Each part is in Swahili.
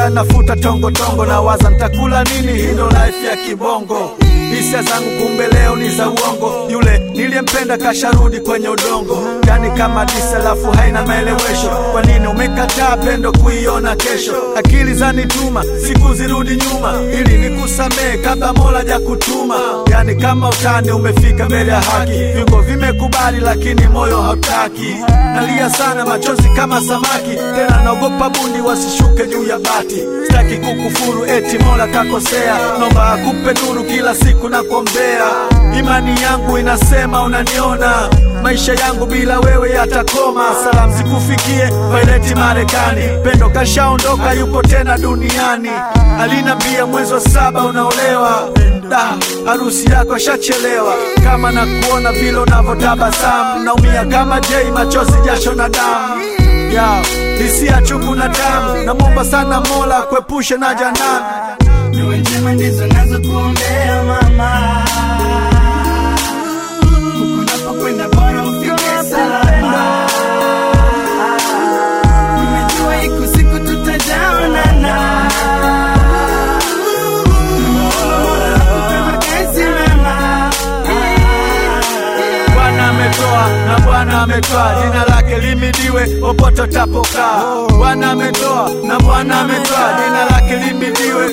maisha nafuta tongo tongo, na waza ntakula nini, hino life ya kibongo. Hisia zangu kumbe leo ni za uongo, yule niliyempenda kasharudi kwenye udongo. Yani kama disa lafu haina maelewesho, kwa nini umekataa pendo kuiona kesho? Akili zanituma siku zirudi nyuma, ili nikusamehe kabla Mola kutuma Yani kama utani umefika mbele ya haki, viungo vimekubali lakini moyo hautaki. Nalia sana machozi kama samaki, tena naogopa bundi wasishuke juu ya bati eti staki kukufuru eti Mola kakosea, nomba akupe nuru kila siku na kuombea. Imani yangu inasema unaniona, maisha yangu bila wewe yatakoma. Salamu zikufikie Vaileti Marekani, Pendo kashaondoka yupo tena duniani. Alinambia mwezi wa saba unaolewa, da harusi yako ashachelewa. Kama nakuona vile unavyotabasamu, naumia kama Jay, machozi jasho na damu yao hisia chungu na tamu namomba sana mola kuepushe na janani niwe njema ndizo nazo kuombea mama na Bwana ametoa, jina lake limidiwe popote utapokaa. Bwana ametoa na Bwana ametoa, jina lake limidiwe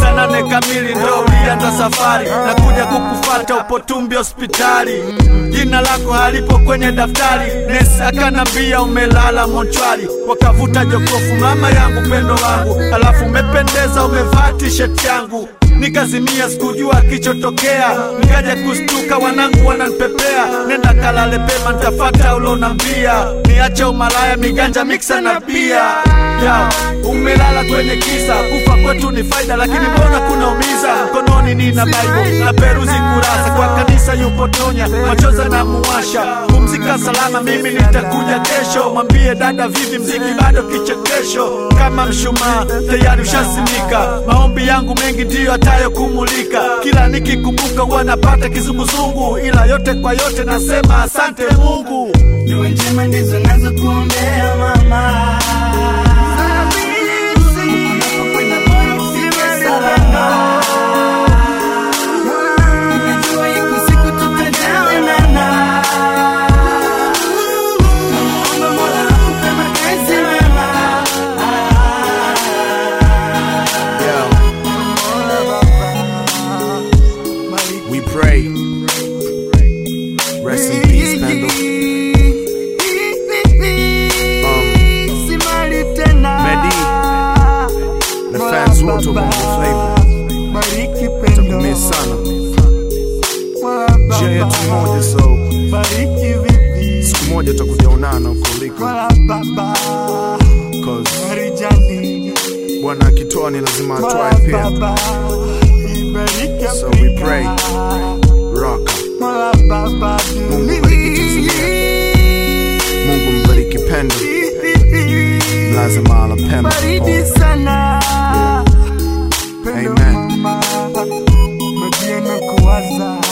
sana ne kamili ndo ulianza safari na kuja kukufata upotumbi hospitali jina lako halipo kwenye daftari nesi akanambia umelala mochwali wakavuta jokofu mama yangu pendo wangu alafu umependeza umevaa tisheti yangu nikazimia, sikujua kichotokea, nikaja kustuka, wanangu wananipepea, nenda kalale pema, ntafata ulonambia, niache umalaya, miganja miksa na bia umelala kwenye kisa kufa kwetu ni faida lakini mbona kunaumiza mkononi nina bible na peruzi kurasa kwa kanisa yupo tonya machoza na muasha pumzika salama mimi nitakuja kesho mwambie dada vivi mziki bado kichekesho kama mshumaa tayari ushasimika maombi yangu mengi ndiyo atayokumulika kila nikikumbuka huwa napata kizunguzungu ila yote kwa yote nasema asante mungu Dua njema ndizo nazo sana njia yetu moja so siku moja tutakujaonana ukolika bwana akitoa ni lazima atwae pia so we pray rock mungu mbariki tanzania mungu mbariki pendo lazima ala bazaar.